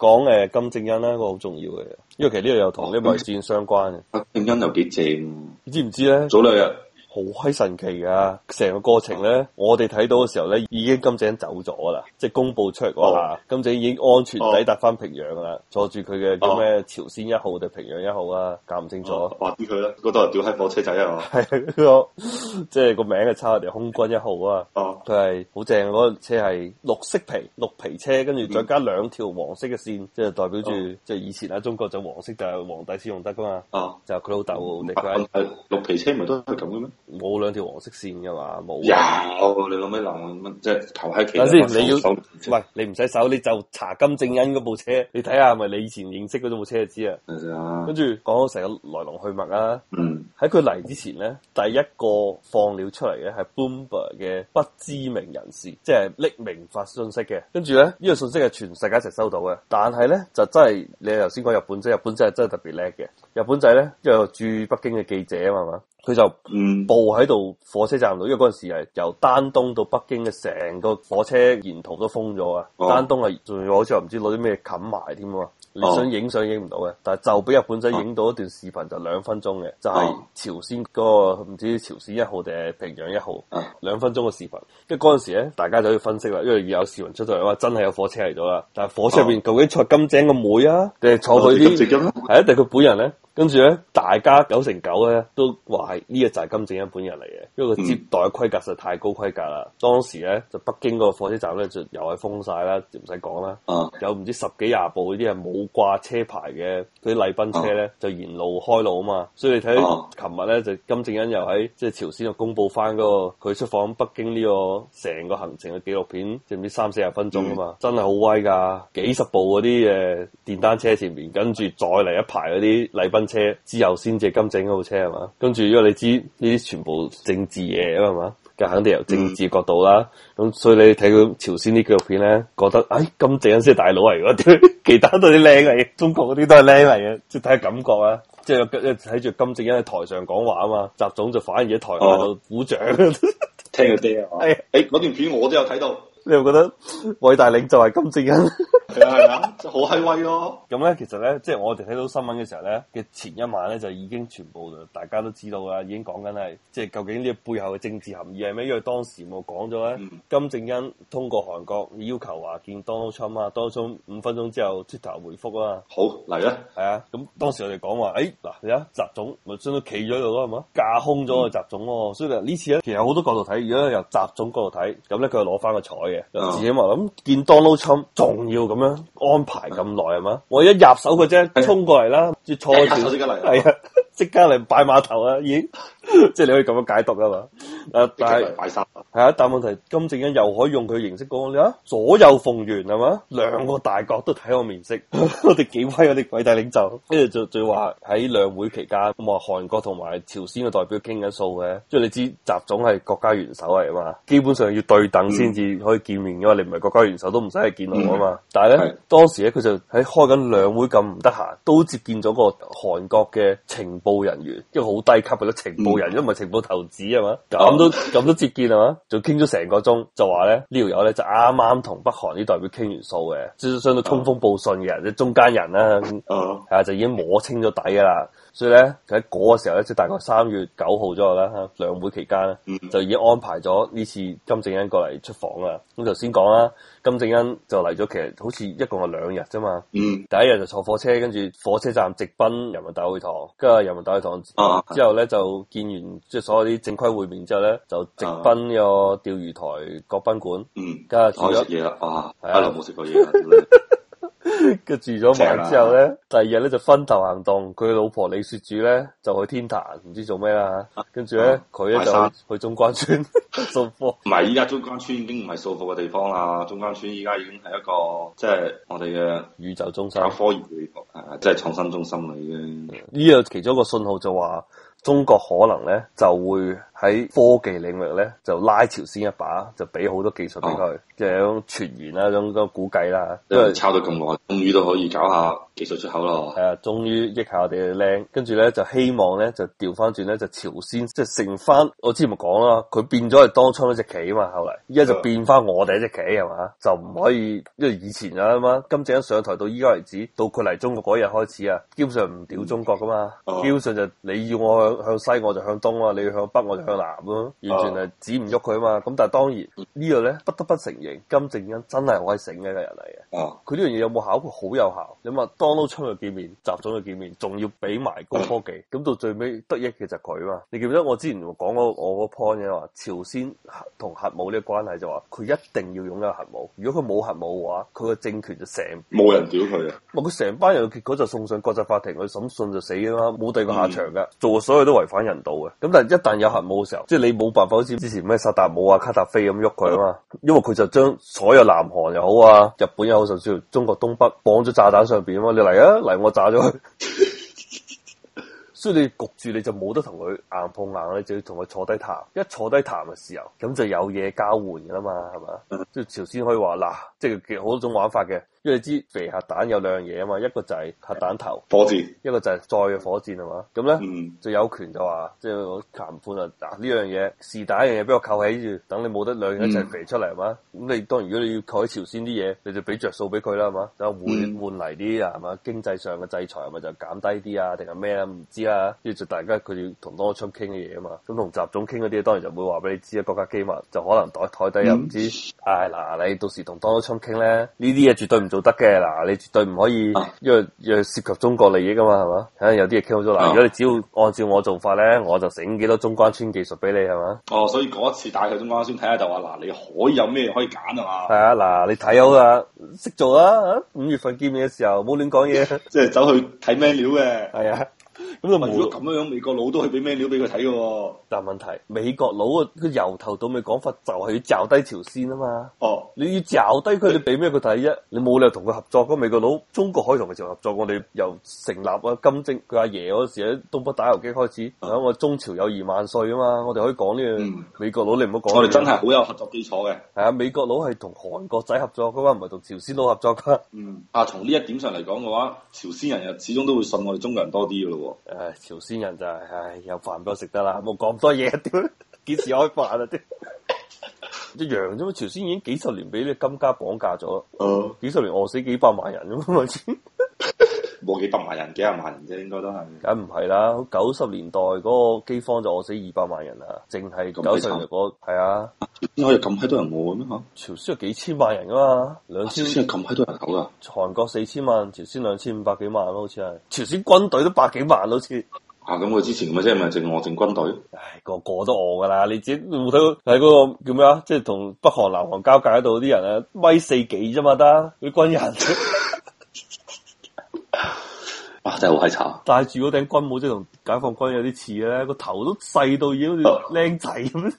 講誒金正恩啦，一個好重要嘅，因為其實呢個又同啲外戰相關嘅。金正恩又幾正，你知唔知咧？早兩日。好閪神奇啊！成個過程咧，我哋睇到嘅時候咧，已經金正走咗啦，即係公布出嚟話，金正已經安全抵達翻平壤噶啦，坐住佢嘅叫咩朝鮮一號定平壤一號啊，搞唔清楚，話知佢啦，嗰度人屌喺火車仔啊，係啊，即係個名係差人哋空軍一號啊，佢係好正嗰個車係綠色皮綠皮車，跟住再加兩條黃色嘅線，即係代表住即係以前喺中國就黃色就係皇帝先用得噶嘛，就佢老豆，你佢係綠皮車咪都係咁嘅咩？冇兩條黃色線嘅嘛，冇。有你老咩？嗱，咁乜即係投喺其他？先，你要喂你唔使手，你就查金正恩嗰部車，你睇下咪你以前認識嗰部車就知啊。跟住講到成個來龍去脈啦、啊。喺佢嚟之前咧，第一個放料出嚟嘅係 Bloomberg 嘅不知名人士，即係匿名發信息嘅。跟住咧，呢、這個信息係全世界一齊收到嘅。但係咧，就真係你頭先講日本仔，日本仔真係特別叻嘅。日本仔咧，因為有住北京嘅記者啊嘛。佢就步喺度火車站度，因為嗰陣時係由丹東到北京嘅成個火車沿途都封咗啊。哦、丹東係仲有好似唔知攞啲咩冚埋添啊，你、哦、想影相影唔到嘅，但係就俾日本仔影到一段視頻，就兩分鐘嘅，就係、哦、朝鮮嗰個唔知朝鮮一號定係平壤一號，兩、哦、分鐘嘅視頻。即係嗰陣時咧，大家就要分析啦，因為有視頻出咗嚟話真係有火車嚟咗啦，但係火車入邊究竟坐金正嘅妹啊，定係坐佢啲，係啊定佢本人咧？跟住咧，大家九成九咧都話係呢個就係金正恩本人嚟嘅，因為佢接待嘅規格實在太高規格啦。當時咧就北京嗰個火車站咧就又係封曬啦，唔使講啦。有唔知十幾廿部嗰啲係冇掛車牌嘅嗰啲禮賓車咧，就沿路開路啊嘛。所以你睇琴日咧就金正恩又喺即係朝鮮度公佈翻嗰個佢出訪北京呢個成個行程嘅紀錄片，就唔知三四十分鐘啊嘛？真係好威㗎，幾十部嗰啲誒電單車前面，跟住再嚟一排嗰啲禮賓。車之後先至金正嗰部車係嘛，跟住如果你知呢啲全部政治嘢啊嘛，就肯定由政治角度啦。咁、嗯、所以你睇到朝鮮啲紀錄片咧，覺得哎金正恩先係大佬嚟，其他都係啲靚嚟，嘅，中國嗰啲都係靚嚟嘅，即係睇下感覺啊。即係睇住金正恩喺台上講話啊嘛，習總就反而喺台下度鼓掌。啊、 聽佢啲係嘛？誒、哎，嗰、哎、段片我都有睇到。你又覺得偉大領袖係金正恩？係啊係啊，好威威咯！咁咧，其實咧，即係我哋睇到新聞嘅時候咧，嘅前一晚咧就已經全部大家都知道啦，已經講緊係，即係究竟呢個背後嘅政治含義係咩？因為當時我講咗咧，嗯、金正恩通過韓國要求話見 Donald Trump, Donald Trump 啊，Donald Trump 五分鐘之後 Twitter 回覆啊，好嚟啊，係啊，咁當時我哋講話，誒嗱你啊，習總咪真係企咗度咯，係嘛架空咗個習總咯，嗯、所以次呢次咧，其實好多角度睇，如果由習總角度睇，咁咧佢又攞翻個彩。自己話咁見當撈侵仲要咁樣安排咁耐係嘛？的我一入手佢啫，沖的過嚟啦，即坐住，即的刻嚟，係啊，即刻嚟拜碼頭啊，已經。 即係你可以咁樣解讀啊嘛，誒，但係，係啊，但問題金正恩又可以用佢形式講，你睇下左右逢源係嘛，兩個大國都睇我面色， 我哋幾威啊！我哋偉大領袖，跟住 就就話喺兩會期間，咁話韓國同埋朝鮮嘅代表傾緊數嘅，即係你知習總係國家元首嚟啊嘛，基本上要對等先至可以見面嘅嘛，嗯、你唔係國家元首都唔使嚟見到我啊嘛。嗯、但係咧，的當時咧佢就喺開緊兩會咁唔得閒，都接見咗個韓國嘅情報人員，一個好低級嘅情報。嗯人因為情報投資啊嘛，咁都咁都接見啊嘛，仲傾咗成個鐘，就話咧呢條友咧就啱啱同北韓啲代表傾完數嘅，即係相當通風報信嘅，人，即中間人啦、啊，啊 就已經摸清咗底噶啦。所以咧就喺嗰個時候咧，即係大概三月九號左右啦。吓兩會期間，嗯、就已經安排咗呢次金正恩過嚟出訪啊。咁頭先講啦。金正恩就嚟咗，其實好似一共係兩日啫嘛。嗯。第一日就坐火車，跟住火車站直奔人民大會堂，跟住人民大會堂。之後咧，啊、就見完即係所有啲正規會面之後咧，就直奔個釣魚台國賓館。嗯。跟住去食嘢啦。哇。係，啊、啦，冇食的過嘢。 佢 住咗晚之後咧，第二日咧就分頭行動。佢老婆李雪主咧就去天壇，唔知做咩啦。跟住咧，佢咧就去中關村掃貨。唔 係科，依家中關村已經唔係掃貨嘅地方啦。中關村依家已經係一個即係、就是、我哋嘅宇宙中心，科研嘅，即、就、係、是、創新中心嚟嘅。呢個其中一個信號就話。中國可能咧就會喺科技領域咧就拉朝鮮一把，就俾好多技術俾佢，哦、即係種傳言啦、啊，種都估計啦、啊，因為抄咗咁耐，終於都可以搞下。技術出口咯，係啊，終於益下我哋嘅靚，跟住咧就希望咧就調翻轉咧就朝鮮即係成翻，我之前咪講啦，佢變咗係當初嗰隻棋啊嘛，後嚟依家就變翻我哋一隻棋係嘛，就唔可以、啊、因為以前啊嘛，金正恩上台到依家為止，到佢嚟中國嗰日開始啊，基本上唔屌中國噶嘛，啊、基本上就你要我向向西我就向東啊；你要向北我就向南咯，完全係指唔喐佢啊嘛，咁但係當然、嗯啊、個呢個咧不得不承認，金正恩真係可以醒嘅一個人嚟嘅，佢呢樣嘢有冇效？佢好有效，你話當。川普都出去見面，習總去見面，仲要俾埋高科技。咁 到最尾得益嘅就佢嘛。你記唔記得我之前講過我嗰 point 嘅話，朝鮮同核武呢個關係就話，佢一定要擁有核武。如果佢冇核武嘅話，佢個政權就成冇人屌佢啊！佢成班人嘅結果就送上國際法庭去審訊就死啦，冇第二個下場嘅。嗯、做所有都違反人道嘅。咁但係一旦有核武嘅時候，即係你冇辦法好似之前咩薩達姆啊卡達菲咁喐佢啊嘛。 因為佢就將所有南韓又好啊，日本又好，就算中國東北綁咗炸彈上邊啊嘛。嚟啊！嚟我炸咗佢， 所以你焗住你就冇得同佢硬碰硬，你就要同佢坐低談。一坐低談嘅時候，咁就有嘢交換噶啦嘛，係嘛？即係朝鮮可以話嗱，即係其實好多種玩法嘅。因為你知肥核彈有兩樣嘢啊嘛，一個就係核彈頭火箭，一個就係載嘅火箭係嘛，咁咧就有權就話即係談判啊，嗱呢樣嘢是但一樣嘢俾我扣起住，等你冇得兩樣一齊肥出嚟係嘛，咁、嗯、你當然如果你要扣起朝鮮啲嘢，你就俾着數俾佢啦係嘛，就換換嚟啲啊係嘛，經濟上嘅制裁係咪就減低啲啊，定係咩啊唔知啊，跟住就大家佢要同 Donald Trump 傾嘅嘢啊嘛，咁同習總傾嗰啲當然就會話俾你知啊國家機密就可能袋台底又唔知，唉、哎、嗱你到時同 Donald Trump 傾咧呢啲嘢絕對唔。做得嘅嗱，你絕對唔可以，啊、因為要涉及中國利益噶嘛，係嘛？睇有啲嘢傾咗喇，啊、如果你只要按照我做法咧，我就整幾多中關村技術俾你係嘛？哦，所以嗰一次帶佢中關村睇下就話嗱，你可以有咩可以揀係嘛？係啊，嗱，你睇好啦，識做啊！五月份見面嘅時候冇亂講嘢，即係 走去睇咩料嘅，係啊。咁如果咁樣樣，美國佬都係俾咩料俾佢睇嘅？但問題美國佬啊，佢由頭到尾講法就係要嚼低朝鮮啊嘛。哦，你要嚼低佢你，你俾咩佢睇？一，你冇理由同佢合作。咁美國佬，中國可以同佢合作。我哋由成立啊金正佢阿爺嗰時喺東北打遊擊開始，我話、嗯、中朝友誼萬歲啊嘛。我哋可以講呢、這、樣、個。嗯、美國佬你唔好講、這個。我哋真係好有合作基礎嘅。係啊，美國佬係同韓國仔合作，㗎嘛，唔係同朝鮮佬合作嘅。嗯，啊，從呢一點上嚟講嘅話，朝鮮人又始終都會信我哋中國人多啲嘅咯。誒，朝鮮人就係、是，唉，有飯俾我食得啦，冇咁多嘢，點幾時開飯啊？啲一樣啫嘛，朝鮮已經幾十年俾呢金家綁架咗，呃、幾十年餓死幾百萬人咁啊！ 幾百萬人、幾廿萬人啫，應該都係。梗唔係啦，九十年代嗰個饑荒就餓死二百萬人啦，淨係九十年代嗰、那個，係啊，可以咁閪多人餓咩嚇？朝鮮有幾千萬人噶嘛，嘛，兩千，朝鮮有咁閪多人餓噶？韓國四千萬，朝鮮兩千五百幾萬咯，好似係。朝鮮軍隊都百幾萬好，好似、啊。啊，咁佢之前咁啫，咪淨我淨軍隊。唉、哎，個個都餓噶啦，你自己冇睇到喺嗰個叫咩啊？即係同北韓、南韓交界嗰度啲人啊，米四幾啫嘛，得啲軍人。 哇、啊！真係好閪醜，但係住嗰頂軍帽即係同解放軍有啲似咧，個頭都細到已好似僆仔咁。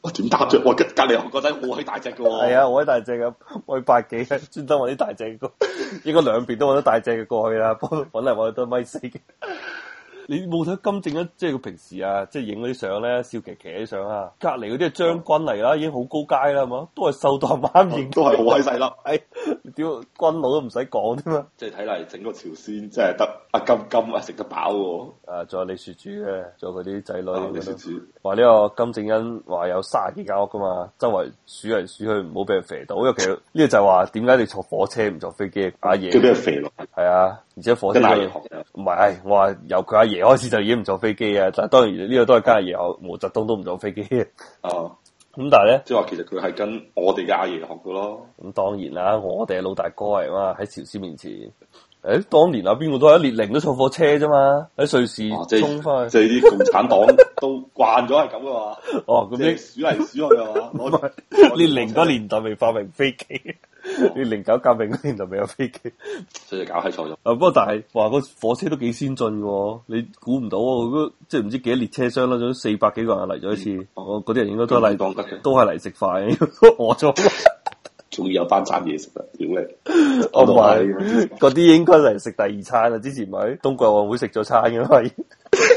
我點搭着？我隔隔籬我覺得好閪大隻噶。係啊，好閪大隻噶，我八幾啊？專登揾啲大隻嘅， 應該兩邊都揾到大隻嘅過去啦。幫揾嚟都係米四嘅。你冇睇金正恩即係佢平時啊，即係影嗰啲相咧，笑騎騎啲相啊。隔籬嗰啲係將軍嚟啦，已經好高階啦，係嘛？都係瘦到唔啱型，都係好閪細粒。哎屌，軍佬都唔使講添嘛，即係睇嚟整個朝鮮真係得阿金金啊食得飽喎，啊，仲、啊、有李雪主咧，仲有佢啲仔女，啊，李雪主話呢個金正恩話有卅幾間屋噶嘛，周圍數嚟數去唔好俾佢肥到，因為其實呢個就係話點解你坐火車唔坐飛機，阿、啊、爺叫咩肥落，係啊，而且火車唔係，我話由佢阿爺開始就已經唔坐飛機啊，但係當然呢個都係今日爺，毛澤東都唔坐飛機，哦。咁但係咧，即係話其實佢係跟我哋嘅阿爺學嘅咯。咁當然啦，我哋嘅老大哥嚟嘛，喺朝鮮面前，誒、欸，當年啊，邊個都係一列寧都坐火車啫嘛，喺瑞士衝翻去，即係啲共產黨都慣咗係咁嘅嘛。哦，咁樣數嚟數去啊，嘛。我列寧個年代未發明飛機。哦、你零九革命嗰年就未有飛機，所以就搞錯咗。啊，不過但係話個火車都幾先進嘅，你估唔到，即係唔知幾多列車廂啦，都四百幾個人嚟咗一次。嗰啲、嗯哦、人應該都係嚟當吉都係嚟食飯，我咗，仲有班餐嘢食啊！屌你， 我話嗰啲應該嚟食第二餐啦。之前咪冬季奧運會食咗餐嘅嘛，因為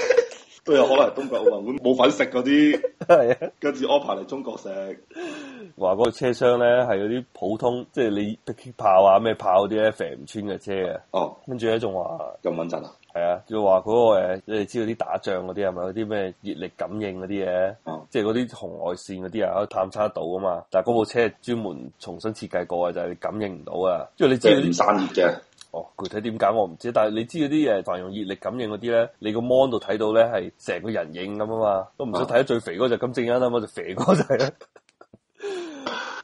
都有可能冬季奧運會冇飯食嗰啲， 跟住安排嚟中國食。話嗰個車廂咧係嗰啲普通，即係你迫擊炮啊咩炮嗰啲咧射唔穿嘅車的、哦、啊。哦，跟住咧仲話咁穩陣啊。係啊，即係話嗰個誒，你知道啲打仗嗰啲係咪嗰啲咩熱力感應嗰啲嘢？哦、即係嗰啲紅外線嗰啲啊，可以探測到啊嘛。但係嗰部車專門重新設計過嘅，就係、是、你感應唔到啊。即係你知嗰啲散熱嘅。哦，具體點解我唔知，但係你知嗰啲誒凡用熱力感應嗰啲咧，你個 mon 度睇到咧係成個人影咁啊嘛，都唔想睇得最肥嗰隻，就金正恩啦，就是、肥嗰就是。